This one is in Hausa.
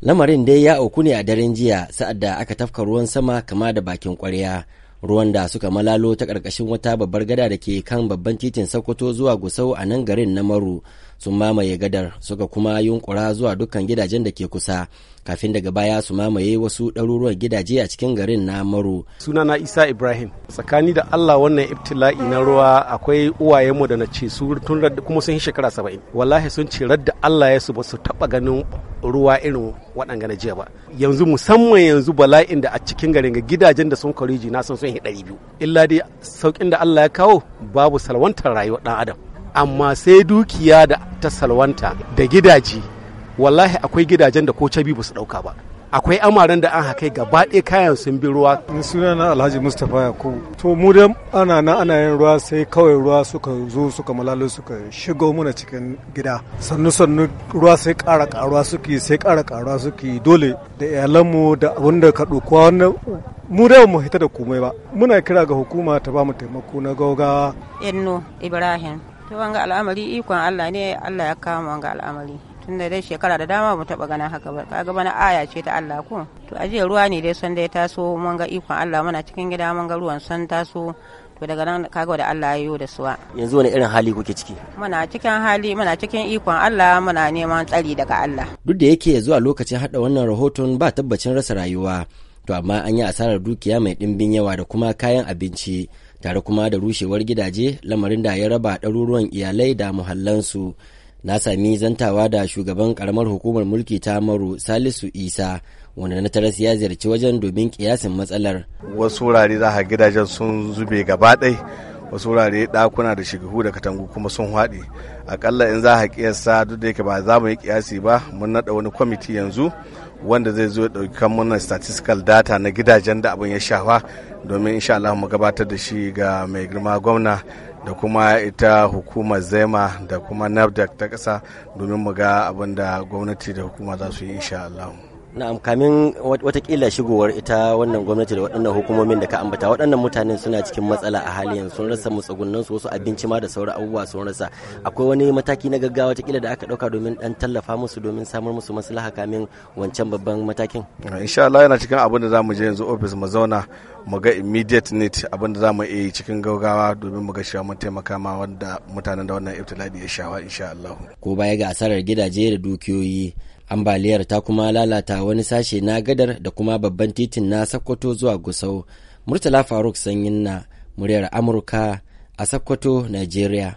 lamarin dai ya auku ne a daren jiya sa'ad da aka tafka ruwan sama kama da bakin kwarya ruwan da suka malalo ta karkashin wata babbar gada da ke kan babban titin sokoto zuwa gusau a nan garin na maru sun mamaye gadar suka kuma yunkura zuwa dukkan gidajen da ke kusa kafin daga baya su mamaye wasu ɗaruruwan gidaje a cikin garin na maru sunana isa ibrahim tsakani da allah wannan ibtila'i na ruwa akwai uwayenmu da na ce su tun kuma sun yi shekara saba'in wallahi sun ce da allah ya su ba su taɓa ganin ruwa irin waɗanga na jiya ba yanzu musamman yanzu bala'in da a cikin garin ga gidajen da sun kwariji na san sun yi ɗari biyu illa dai saukin da Allah ya kawo babu salwantar rayuwar ɗan adam amma sai dukiya da ta salwanta da gidaje wallahi akwai gidajen da ko cabi ba su ɗauka ba akwai amaren da an hakai gaba ɗaya kayan sun bi ruwa. Ni suna na Alhaji Mustapha Yakubu. To mu da ana nan ana yin ruwa sai kawai ruwa suka zo suka malalo suka shigo muna cikin gida. Sannu sannu ruwa sai ƙara ƙaruwa suke sai ƙara ƙaruwa suke dole da iyalanmu da abin da ka ɗauko mu da mu hita da komai ba. Muna kira ga hukuma ta ba mu taimako na gaugawa. Inno Ibrahim. To wanga al'amari ikon Allah ne Allah ya kama wanga al'amari. tunda dai shekara da dama mu taba ganin haka ba kaga bana aya ce ta Allah ko to aje ruwa ne dai son dai taso mun ga ikon Allah muna cikin gida mun ga ruwan son taso to daga nan kaga da Allah ya yi da suwa yanzu wani irin hali kuke ciki muna cikin hali muna cikin ikon Allah muna neman tsari daga Allah duk da yake zuwa lokacin hada wannan rahoton ba tabbacin rasa rayuwa to amma an yi asarar dukiya mai dimbin yawa da kuma kayan abinci tare kuma da rushewar gidaje lamarin da ya raba ɗaruruwan iyalai da muhallansu na sami zantawa da shugaban karamar hukumar mulki ta maru salisu isa wanda na taras ya ziyarci wajen domin kiyasin matsalar wasu wurare za a gidajen sun zube gaba wasu wurare ɗakuna da shigahu da katangu kuma sun haɗe akalla in za a kiyasa duk da yake ba za mu yi kiyasi ba mun naɗa wani kwamiti yanzu wanda zai zo ya ɗauki kan mana statistical data na gidajen da abin ya shafa domin insha Allah mu gabatar da shi ga mai girma gwamna da kuma ita hukumar zema da kuma nafdak ta kasa domin mu ga abin da gwamnati da hukuma za su yi insha Allah. na'am kamin watakila shigowar ita wannan gwamnati da waɗannan hukumomin da ka ambata waɗannan mutanen suna cikin matsala a hali yanzu sun rasa matsugunan su wasu abinci ma da sauran abubuwa sun rasa akwai wani mataki na gaggawa watakila da aka ɗauka domin ɗan tallafa musu domin samar musu maslaha kamin wancan babban matakin insha Allah yana cikin abin da za mu je yanzu ofis mu zauna mu ga immediate need abin da za mu yi cikin gaugawa domin mu ga cewa mun taimaka ma wanda mutanen da wannan ibtila'i ya shawa insha Allah. Ko baya ga asarar gidaje da dukiyoyi ambaliyar ta kuma lalata wani sashe na gadar da kuma babban titin na Sokoto zuwa Gusau. Murtala Faruk Sanyin na muryar Amurka a Sokoto, Nigeria.